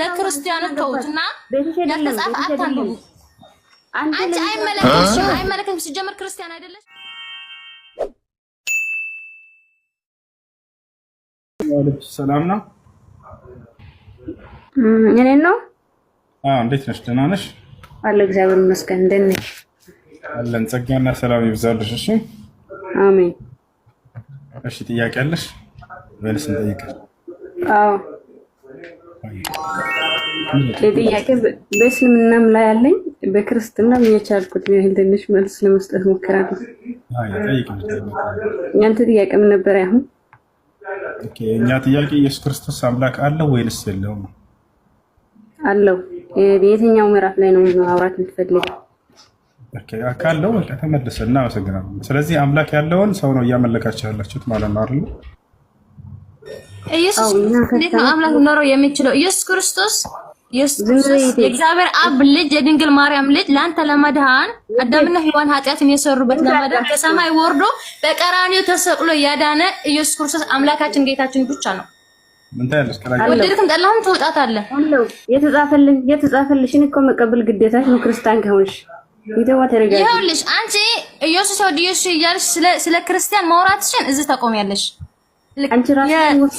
ለክርስቲያኖች ተውትና ለተጻፈ አታንብቡ። አንቺ አይመለከትሽም፣ አይመለከትሽም። ሲጀመር ክርስቲያን አይደለሽ። ሰላም ነው። እኔን ነው? አዎ። እንዴት ነሽ? ደህና ነሽ? አለ እግዚአብሔር ይመስገን። እንደት ነሽ? አለን። ጸጋና ሰላም ይብዛልሽ። እሺ፣ አሜን። እሺ፣ ጥያቄ አለሽ ወይስ እንጠይቅ? አዎ ጥያቄ በእስልምናም ላይ ያለኝ በክርስትና የቻልኩትን ያህል ትንሽ መልስ ለመስጠት ሞክራለሁ። ያንተ ጥያቄ ምን ነበር? ያሁን እኛ ጥያቄ ኢየሱስ ክርስቶስ አምላክ አለው ወይንስ የለውም? አለው። የትኛው ምዕራፍ ላይ ነው ማውራት የምትፈልገው? ካለው በቃ ተመለሰ። እናመሰግናለን። ስለዚህ አምላክ ያለውን ሰው ነው እያመለካቸው ያላችሁት ማለት ነው አይደል? ኢየሱስ እንዴት ነው አምላክ ኖረው የሚችለው? ኢየሱስ ክርስቶስ የእግዚአብሔር አብ ልጅ የድንግል ማርያም ልጅ ለአንተ ለመድሃን አዳምና ሔዋን ኃጢአትን የሰሩበት ለመድሃን ከሰማይ ወርዶ በቀራኔው ተሰቅሎ ያዳነ ኢየሱስ ክርስቶስ አምላካችን ጌታችን ብቻ ነው። ወደድክም ጠላህም ትወጣታለህ። የተጻፈልሽን እኮ መቀበል ግዴታሽ ነው። ክርስቲያን ከሆንሽ ይኸውልሽ አንቺ ኢየሱስ ወደ ኢየሱስ እያልሽ ስለ ክርስቲያን ማውራትሽን እዚህ ታቆሚያለሽ።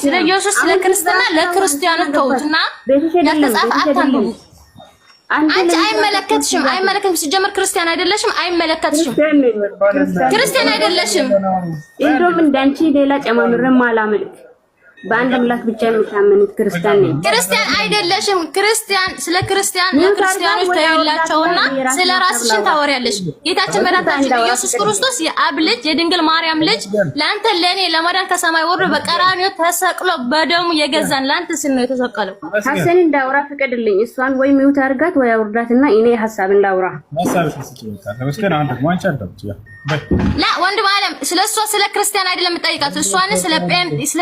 ስለ ኢየሱስ ስለ ክርስትና ለክርስቲያኑ ለተጻፈ አታንብቡ። አንቺ አይመለከትሽም፣ አይመለከትሽም። ሲጀምር ክርስቲያን አይደለሽም፣ አይመለከትሽም። ክርስቲያን አይደለሽም። እንደውም እንዳንቺ ሌላ ጨማምርም አላመልክ በአንድ አምላክ ብቻ የምታመኑት ክርስቲያን ነኝ። ክርስቲያን አይደለሽም። ክርስቲያን ስለ ክርስቲያን ለክርስቲያኖች ተይላቸውና ስለ ራስሽን ታወሪያለሽ። ጌታችን መድኃኒታችን ኢየሱስ ክርስቶስ የአብ ልጅ የድንግል ማርያም ልጅ ለአንተ ለእኔ ለማዳን ከሰማይ ወርዶ በቀራንዮ ተሰቅሎ በደሙ የገዛን ለአንተ ስል ነው የተሰቀለው። ሀሰን እንዳውራ ፍቀድልኝ። እሷን ወይ ሚውት አርጋት ወይ አውርዳትና እኔ ሀሳብ እንዳውራ ላ ወንድም አለም ስለ እሷ ስለ ክርስቲያን አይደለም የምጠይቃት እሷን ስለ ጴንጤ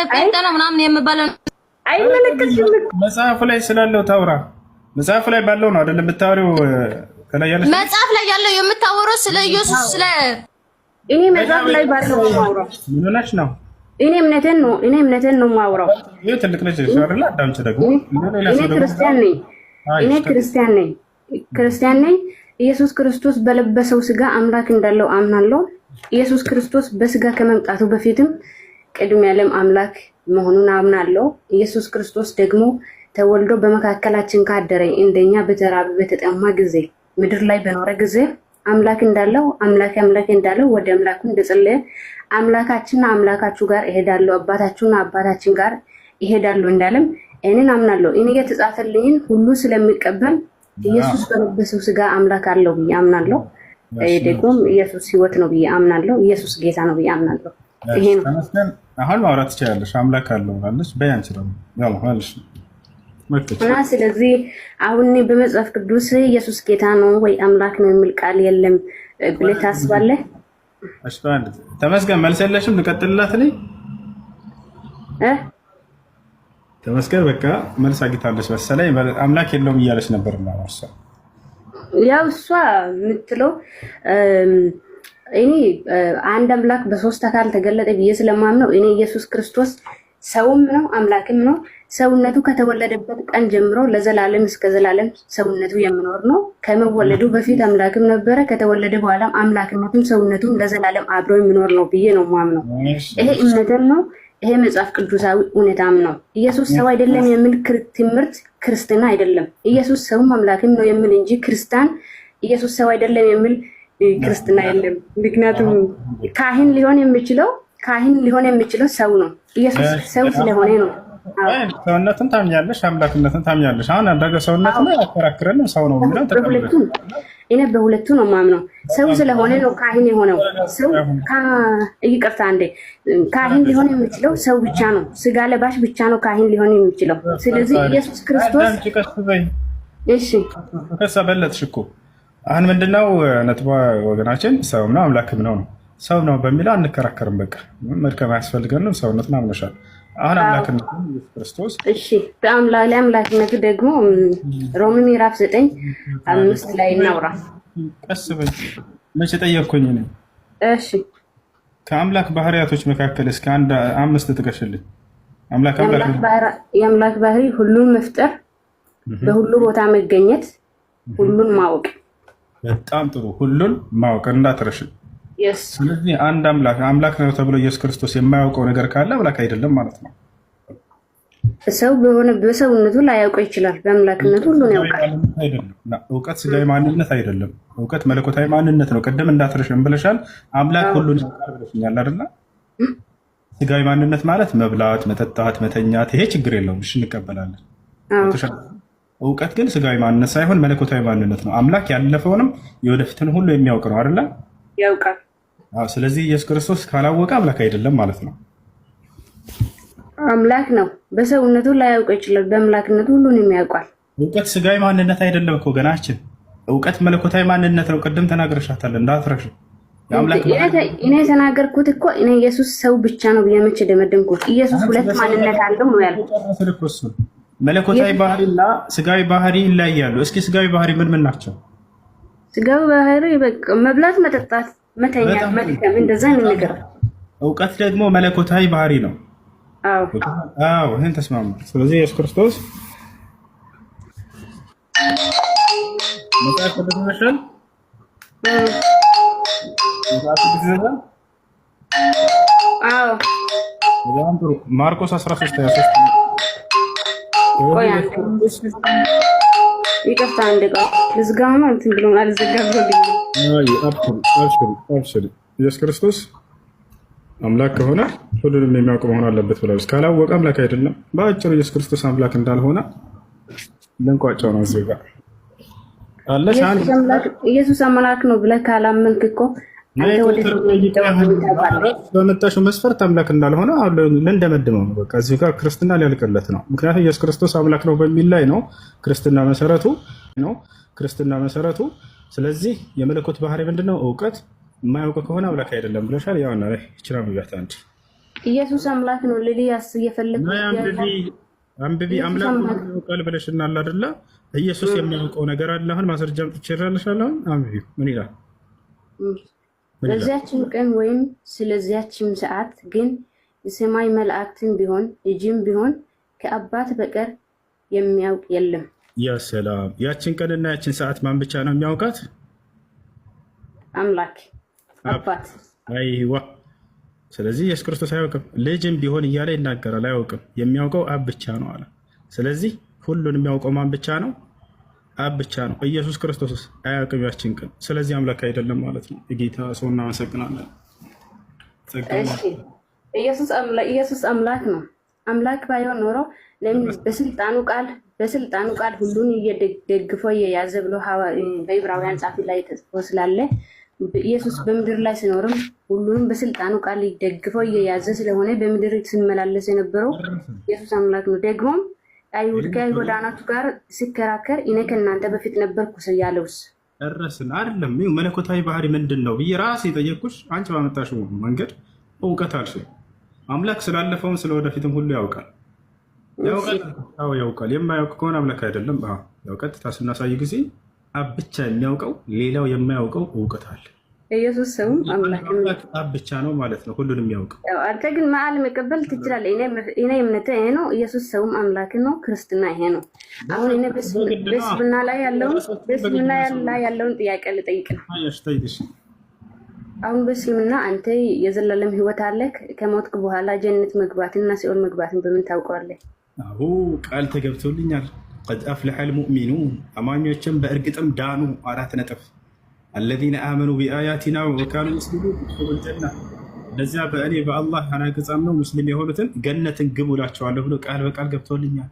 ነው ምናምን ምናምን የምባለው አይመለከትም። መጽሐፍ ላይ ስላለው ታውራ መጽሐፍ ላይ ባለው ነው አይደለም የምታወሪው። ከላይ ያለው መጽሐፍ ላይ ያለው የምታወራው ስለ ኢየሱስ ስለ እኔ መጽሐፍ ላይ ባለው ማውራው ምን ሆነሽ ነው? እኔ እምነቴን ነው እኔ እምነቴን ነው ማውራው። ይሄ ትልቅ ነች አይደል? አዳምጪ ደግሞ እኔ ክርስቲያን ነኝ። እኔ ክርስቲያን ነኝ ክርስቲያን ነኝ። ኢየሱስ ክርስቶስ በለበሰው ስጋ አምላክ እንዳለው አምናለሁ። ኢየሱስ ክርስቶስ በስጋ ከመምጣቱ በፊትም ቅድም ያለም አምላክ መሆኑን አምናለሁ። ኢየሱስ ክርስቶስ ደግሞ ተወልዶ በመካከላችን ካደረ እንደኛ በተራበ በተጠማ ጊዜ ምድር ላይ በኖረ ጊዜ አምላክ እንዳለው አምላክ አምላክ እንዳለው ወደ አምላኩ እንደጸለየ አምላካችን አምላካችሁ ጋር እሄዳለሁ አባታችሁና አባታችን ጋር እሄዳለሁ እንዳለም እኔን አምናለሁ። እኔ የተጻፈልኝን ሁሉ ስለሚቀበል ኢየሱስ በለበሰው ስጋ አምላክ አለው ብዬ አምናለሁ። ደግሞም ኢየሱስ ህይወት ነው ብዬ አምናለሁ። ኢየሱስ ጌታ ነው ብዬ አምናለሁ። ተመስገን አሁን ማውራት ትችላለሽ። አምላክ አለው ብላለች። በያንቺ ደግሞ እና ስለዚህ አሁን በመጽሐፍ ቅዱስ ኢየሱስ ጌታ ነው ወይ አምላክ ነው የሚል ቃል የለም ብለህ ታስባለህ? ተመስገን መልስ የለሽም። ልቀጥልላት እኔ ተመስገን በቃ መልስ አግኝታለች መሰለኝ። አምላክ የለውም እያለች ነበር ያው እሷ የምትለው እኔ አንድ አምላክ በሶስት አካል ተገለጠ ብዬ ስለማምነው እኔ ኢየሱስ ክርስቶስ ሰውም ነው አምላክም ነው። ሰውነቱ ከተወለደበት ቀን ጀምሮ ለዘላለም እስከ ዘላለም ሰውነቱ የሚኖር ነው። ከመወለዱ በፊት አምላክም ነበረ፣ ከተወለደ በኋላም አምላክነቱም ሰውነቱም ለዘላለም አብሮ የሚኖር ነው ብዬ ነው ማምነው። ይሄ እምነትም ነው። ይሄ መጽሐፍ ቅዱሳዊ እውነታም ነው። ኢየሱስ ሰው አይደለም የሚል ትምህርት ክርስትና አይደለም። ኢየሱስ ሰውም አምላክም ነው የሚል እንጂ ክርስቲያን ኢየሱስ ሰው አይደለም የሚል ክርስትና የለም። ምክንያቱም ካህን ሊሆን የሚችለው ካህን ሊሆን የሚችለው ሰው ነው። ኢየሱስ ሰው ስለሆነ ነው። ሰውነትን ታምኛለሽ፣ አምላክነትን ታምኛለሽ። አሁን ያደረገ ሰውነት ነው ያከራክረንም ሰው ነው። በሁለቱም እኔ በሁለቱ ነው ማምነው። ሰው ስለሆነ ነው ካህን የሆነው። ሰው ይቅርታ አንዴ፣ ካህን ሊሆን የሚችለው ሰው ብቻ ነው። ስጋ ለባሽ ብቻ ነው ካህን ሊሆን የሚችለው። ስለዚህ ኢየሱስ ክርስቶስ እሺ፣ ከሳ በለጥሽ እኮ አሁን ምንድነው ነጥባ ወገናችን፣ ሰውም ነው አምላክም ነው ነው። ሰው ነው በሚለው አንከራከርም። በቃ መድከም አያስፈልገንም። ሰውነትን አምነሻል። አሁን አምላክነት ኢየሱስ ክርስቶስ አምላክነት ደግሞ ሮሜ ምዕራፍ ዘጠኝ አምስት ላይ እናውራ። ቀስ በይ መቼ ጠየቅኩኝ ነው። እሺ ከአምላክ ባህሪያቶች መካከል እስከ አንድ አምስት ጥቀሽልኝ። የአምላክ ባህሪ ሁሉን መፍጠር፣ በሁሉ ቦታ መገኘት፣ ሁሉን ማወቅ በጣም ጥሩ። ሁሉን ማወቅ እንዳትረሽ። ስለዚህ አንድ አምላክ አምላክ ነው ተብሎ ኢየሱስ ክርስቶስ የማያውቀው ነገር ካለ አምላክ አይደለም ማለት ነው። ሰው በሆነ በሰውነቱ ላያውቀው ይችላል። በአምላክነቱ ሁሉን ያውቃል። እውቀት ስጋዊ ማንነት አይደለም። እውቀት መለኮታዊ ማንነት ነው። ቅድም እንዳትረሽም ብለሻል። አምላክ ሁሉን ያውቃል ብለሽኛል አይደለ? ስጋዊ ማንነት ማለት መብላት፣ መጠጣት፣ መተኛት፣ ይሄ ችግር የለውም እሺ፣ እንቀበላለን እውቀት ግን ስጋዊ ማንነት ሳይሆን መለኮታዊ ማንነት ነው። አምላክ ያለፈውንም የወደፊትን ሁሉ የሚያውቅ ነው አይደለ? ያውቃል። ስለዚህ ኢየሱስ ክርስቶስ ካላወቀ አምላክ አይደለም ማለት ነው። አምላክ ነው። በሰውነቱ ላያውቅ ይችላል። በአምላክነቱ ሁሉንም የሚያውቋል። እውቀት ስጋዊ ማንነት አይደለም እኮ ገናችን። እውቀት መለኮታዊ ማንነት ነው። ቅድም ተናግረሻታል እንዳትረሽ። እኔ የተናገርኩት እኮ እኔ ኢየሱስ ሰው ብቻ ነው ብዬ መቼ ደመደምኩት? ኢየሱስ ሁለት ማንነት አለው ነው ያልኩት። መለኮታዊ ባህሪና ስጋዊ ባህሪ ይለያሉ። እስኪ ስጋዊ ባህሪ ምን ምን ናቸው? ስጋዊ ባህሪ መብላት፣ መጠጣት፣ መተኛት፣ መድከም እንደዛ ነገር። እውቀት ደግሞ መለኮታዊ ባህሪ ነው። አዎ አዎ፣ ተስማሙ። ስለዚህ ኢየሱስ ክርስቶስ አዎ። ማርቆስ 13 23 ይቅርታ አንድ ቃ ልዝጋ ነው እንትን ብሎ አልዘጋ ብሎ ኢየሱስ ክርስቶስ አምላክ ከሆነ ሁሉንም የሚያውቅ መሆን አለበት ብለው ካላወቀ አምላክ አይደለም። በአጭሩ ኢየሱስ ክርስቶስ አምላክ እንዳልሆነ ልንቋጫው ነው እዚህ ጋር ኢየሱስ አምላክ ነው ብለህ ካላመንክ እኮ በመጣሽው መስፈርት አምላክ እንዳልሆነ ልንደመድመው ነው። በቃ እዚህ ጋር ክርስትና ሊያልቅለት ነው። ምክንያቱም ኢየሱስ ክርስቶስ አምላክ ነው በሚል ላይ ነው ክርስትና መሰረቱ ነው ክርስትና መሰረቱ። ስለዚህ የመለኮት ባህሪ ምንድነው? እውቀት የማያውቅ ከሆነ አምላክ አይደለም ብለሻል። ያው ያውና ይችላ ብያት አንድ ኢየሱስ አምላክ ነው ልል ያስ እየፈለግ አንብቢ አምላክ ቃል ብለሽናል አይደለ? ኢየሱስ የሚያውቀው ነገር አለ። አሁን ማስረጃ ምጥቼ እላለሻለሁ። አንብቢ ምን ይላል? በዚያችም ቀን ወይም ስለዚያችም ሰዓት ግን የሰማይ መላእክትም ቢሆን እጅም ቢሆን ከአባት በቀር የሚያውቅ የለም። ያ ሰላም! ያችን ቀንና ያችን ሰዓት ማን ብቻ ነው የሚያውቃት? አምላክ አባት። አይዋ ስለዚህ ኢየሱስ ክርስቶስ አያውቅም። ልጅም ቢሆን እያለ ይናገራል። አያውቅም። የሚያውቀው አብ ብቻ ነው አለ። ስለዚህ ሁሉን የሚያውቀው ማን ብቻ ነው? አብ ብቻ ነው። ኢየሱስ ክርስቶስስ አያውቅም ያችን ቀን። ስለዚህ አምላክ አይደለም ማለት ነው። ጌታ ሰው እናመሰግናለን። ኢየሱስ አምላክ ነው። አምላክ ባይሆን ኖሮ በስልጣኑ ቃል በስልጣኑ ቃል ሁሉን እየደግፎ እየያዘ ብሎ በዕብራውያን ጻፊ ላይ ተጽፎ ስላለ ኢየሱስ በምድር ላይ ሲኖርም ሁሉንም በስልጣኑ ቃል ደግፎ እየያዘ ስለሆነ በምድር ስመላለስ የነበረው ኢየሱስ አምላክ ነው ደግሞም አይሁድ ከአይሁዳኖች ጋር ሲከራከር እኔ ከእናንተ በፊት ነበርኩ ያለውስ ደረስን አይደለም። መለኮታዊ ባህሪ ምንድን ነው ብዬ ራሴ የጠየቅኩሽ አንቺ ባመጣሽ መንገድ እውቀት አልሽ። አምላክ ስላለፈውም ስለወደፊትም ሁሉ ያውቃል ያውቃል። የማያውቅ ከሆነ አምላክ አይደለም። ያው ቀጥታ ስናሳይ ጊዜ አብ ብቻ የሚያውቀው ሌላው የማያውቀው እውቀት አለ። ኢየሱስ ስሙም አምላክ ብቻ ነው ማለት ነው። ሁሉንም ያውቅ አንተ ግን መዓል መቀበል ትችላለህ። እኔ እምነት ይሄ ነው። ኢየሱስ ሰውም አምላክ ነው። ክርስትና ይሄ ነው። አሁን እኔ ላይ ያለውን ላይ ያለውን ጥያቄ ልጠይቅ ነው። አሁን በስልምና አንተ የዘላለም ህይወት አለ ከሞትክ በኋላ ጀነት መግባትና ሲኦል መግባትን በምን ታውቀዋለህ? አሁ ቃል ተገብቶልኛል። ቀድ አፍለሐል ሙእሚኑን አማኞችም በእርግጥም ዳኑ። አራት ነጥብ አለዚነ አመኑ ቢአያቲና ወካኑ ሙስሊሙን ኡድኹሉል ጀና እነዚያ በእኔ በአላህ አናገጻ ነው ሙስሊም የሆኑትን ገነትን ግቡ እላቸዋለሁ ብሎ ቃል በቃል ገብቶልኛል።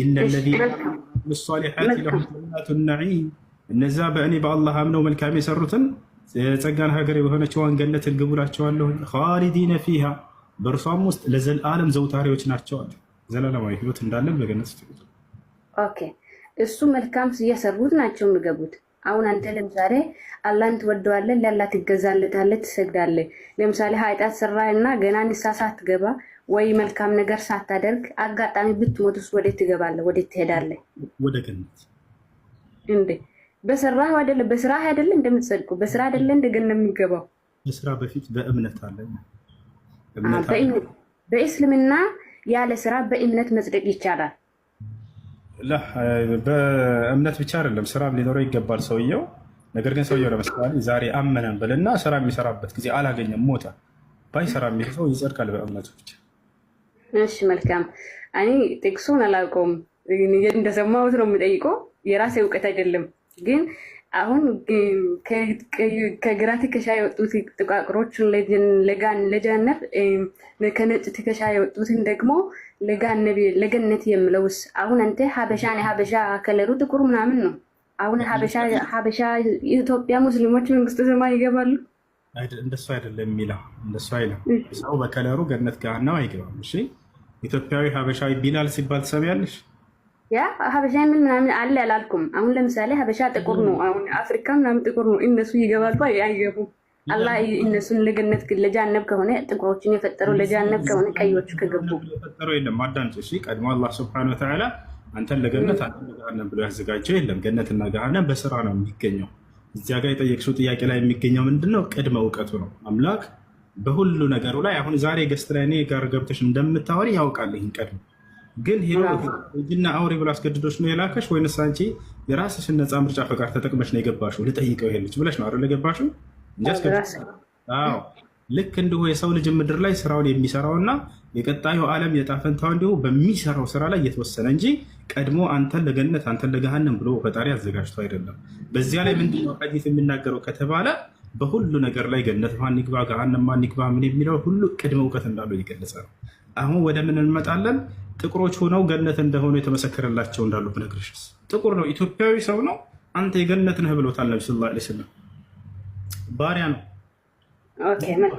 ኢነ ለዚነ ሷሊሓት ለሁም ጀናቱ ነዒም እነዚያ በእኔ በአላህ አምነው መልካም የሰሩትን የጸጋን ሀገር የሆነችዋን ገነትን ግቡ እላቸዋለሁ። ኻሊዲነ ፊሃ በእርሷም ውስጥ ለዘላለም ዘውታሪዎች ናቸዋል። ዘላለማዊ ህይወት እንዳለን በገነት ኦኬ፣ እሱ መልካም የሰሩት ናቸው የሚገቡት አሁን አንተ ለምሳሌ አላህን ትወደዋለህ፣ ለአላህ ትገዛለታለህ፣ ትሰግዳለህ። ለምሳሌ ኃጢአት ሰራህና ገና ንስሐ ሳትገባ ወይ መልካም ነገር ሳታደርግ አጋጣሚ ብትሞትስ ወዴት ትገባለህ? ወዴት ትሄዳለህ? ወደ ገነት እንዴ? በስራ አይደለ? በስራ አይደለ እንደምትጸድቁ? በስራ አይደለ እንደገነት የሚገባው? በስራ በፊት በእምነት አለ። በእምነት በእስልምና ያለ ስራ በእምነት መጽደቅ ይቻላል። በእምነት ብቻ አይደለም ስራም ሊኖረው ይገባል ሰውየው። ነገር ግን ሰውየው ለምሳሌ ዛሬ አመነን ብልና ስራ የሚሰራበት ጊዜ አላገኘም፣ ሞተ። ባይ ስራ የሚል ሰው ይጸድቃል በእምነቱ ብቻ። እሺ መልካም። እኔ ጥቅሱን አላውቀውም፣ እንደሰማሁት ነው የምጠይቀው። የራሴ እውቀት አይደለም ግን አሁን ከግራ ትከሻ የወጡት ጥቋቁሮችን ለጋነብ ከነጭ ትከሻ የወጡትን ደግሞ ለገነት የምለውስ አሁን አንተ ሀበሻ ሀበሻ ከለሩ ጥቁር ምናምን ነው። አሁን ሀበሻ ሀበሻ የኢትዮጵያ ሙስሊሞች መንግስተ ሰማይ ይገባሉ። እንደሱ አይደለም የሚለው እንደሱ አይለም። ሰው በከለሩ ገነት ገሃነም አይገባም። እሺ ኢትዮጵያዊ ሀበሻዊ ቢላል ሲባል ትሰሚያለሽ? ያ ሀበሻ ምን ምናምን አለ አላልኩም። አሁን ለምሳሌ ሀበሻ ጥቁር ነው። አሁን አፍሪካ ምናምን ጥቁር ነው። እነሱ ይገባሉ አይገቡም። አላ እነሱን ለገነት ለጃነብ ከሆነ ጥቁሮችን የፈጠረው ለጃነብ ከሆነ ቀዮቹ ከገቡ የፈጠረው የለም። አዳምጪ እሺ። ቀድሞ አላህ ስብሐነ ወተዓላ አንተን ለገነት አንተን ለገሃነም ብሎ ያዘጋጀው የለም። ገነትና ገሃነም በስራ ነው የሚገኘው። እዚያ ጋር የጠየቅሽው ጥያቄ ላይ የሚገኘው ምንድን ነው? ቅድመ እውቀቱ ነው። አምላክ በሁሉ ነገሩ ላይ አሁን ዛሬ ገስት ላይ እኔ ጋር ገብተሽ እንደምታወሪ ያውቃል። ይህን ቀድሞ ግን ሂጂና አውሪ ብሎ አስገድዶች ነው የላከሽ ወይንስ አንቺ የራስሽን ነፃ ምርጫ ፈቃድ ተጠቅመሽ ነው የገባሽው? ልጠይቀው ይሄ ብለሽ ነው አይደል የገባሽው? እንጂ አዎ ልክ እንዲሁ የሰው ልጅ ምድር ላይ ስራውን የሚሰራው እና የቀጣዩ ዓለም የጣፈንታው እንዲሁ በሚሰራው ስራ ላይ እየተወሰነ እንጂ ቀድሞ አንተን ለገነት አንተን ለገሃንም ብሎ ፈጣሪ አዘጋጅቶ አይደለም። በዚያ ላይ ምንድነው ሐዲስ የሚናገረው ከተባለ በሁሉ ነገር ላይ ገነት ማን ይግባ ገሃነም ማን ይግባ ምን የሚለው ሁሉ ቅድመ እውቀት እንዳለው እየገለጸ ነው። አሁን ወደ ምን እንመጣለን? ጥቁሮች ሆነው ገነት እንደሆኑ የተመሰከረላቸው እንዳሉ ብነግርሽስ፣ ጥቁር ነው ኢትዮጵያዊ ሰው ነው። አንተ የገነት ነህ ብሎታል ነቢ ስላ ስለም። ባሪያ ነው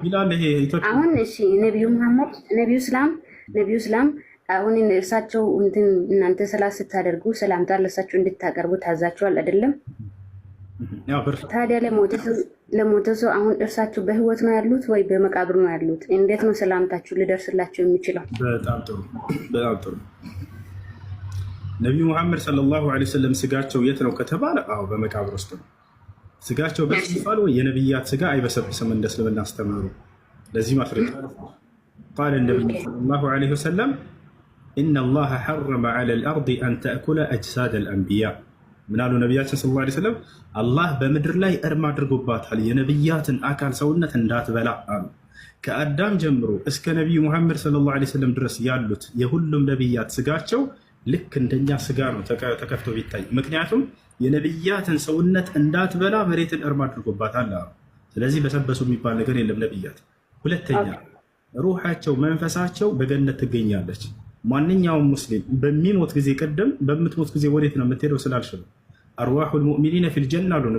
ይላል። ይሄ አሁን እሺ፣ ነቢዩ መሐመድ ነቢዩ ስላም ነቢዩ ስላም አሁን እርሳቸው እንትን እናንተ ሰላት ስታደርጉ ሰላምታ ለእርሳቸው እንድታቀርቡ ታዛቸዋል አይደለም? ታዲያ ለሞተ ለሞተ ሰው አሁን እርሳቸው በህይወት ነው ያሉት ወይ በመቃብር ነው ያሉት? እንዴት ነው ሰላምታችሁ ልደርስላቸው የሚችለው? በጣም ጥሩ በጣም ጥሩ። ነቢዩ ሙሐመድ ሰለላሁ ዐለይሂ ወሰለም ስጋቸው የት ነው ከተባለ፣ አዎ በመቃብር ውስጥ ነው ስጋቸው። በስፋል ወይ የነቢያት ስጋ አይበሰብስም እንደ እስልምና አስተምሩ። ለዚህ ማስረጃ ቃለ ነቢዩ ሰለላሁ ዐለይሂ ወሰለም ኢነ ላሀ ሐረመ ዐለል አርድ አን ተእኩለ አጅሳድ አልአንቢያ ምናሉ ነቢያችን ስ ላ ስለም አላህ በምድር ላይ እርም አድርጎባታል የነቢያትን አካል ሰውነት እንዳትበላ አሉ። ከአዳም ጀምሮ እስከ ነቢዩ ሙሐመድ ስለ ላ ስለም ድረስ ያሉት የሁሉም ነቢያት ስጋቸው ልክ እንደኛ ስጋ ነው ተከፍቶ ቢታይ፣ ምክንያቱም የነቢያትን ሰውነት እንዳትበላ መሬትን እርም አድርጎባታል አሉ። ስለዚህ በሰበሱ የሚባል ነገር የለም ነቢያት። ሁለተኛ ሩሓቸው መንፈሳቸው በገነት ትገኛለች። ማንኛውም ሙስሊም በሚሞት ጊዜ ቀደም በምትሞት ጊዜ ወዴት ነው የምትሄደው ስላልሽ ነው። አርዋሑ ልሙእሚኒነ ፊልጀና አሉ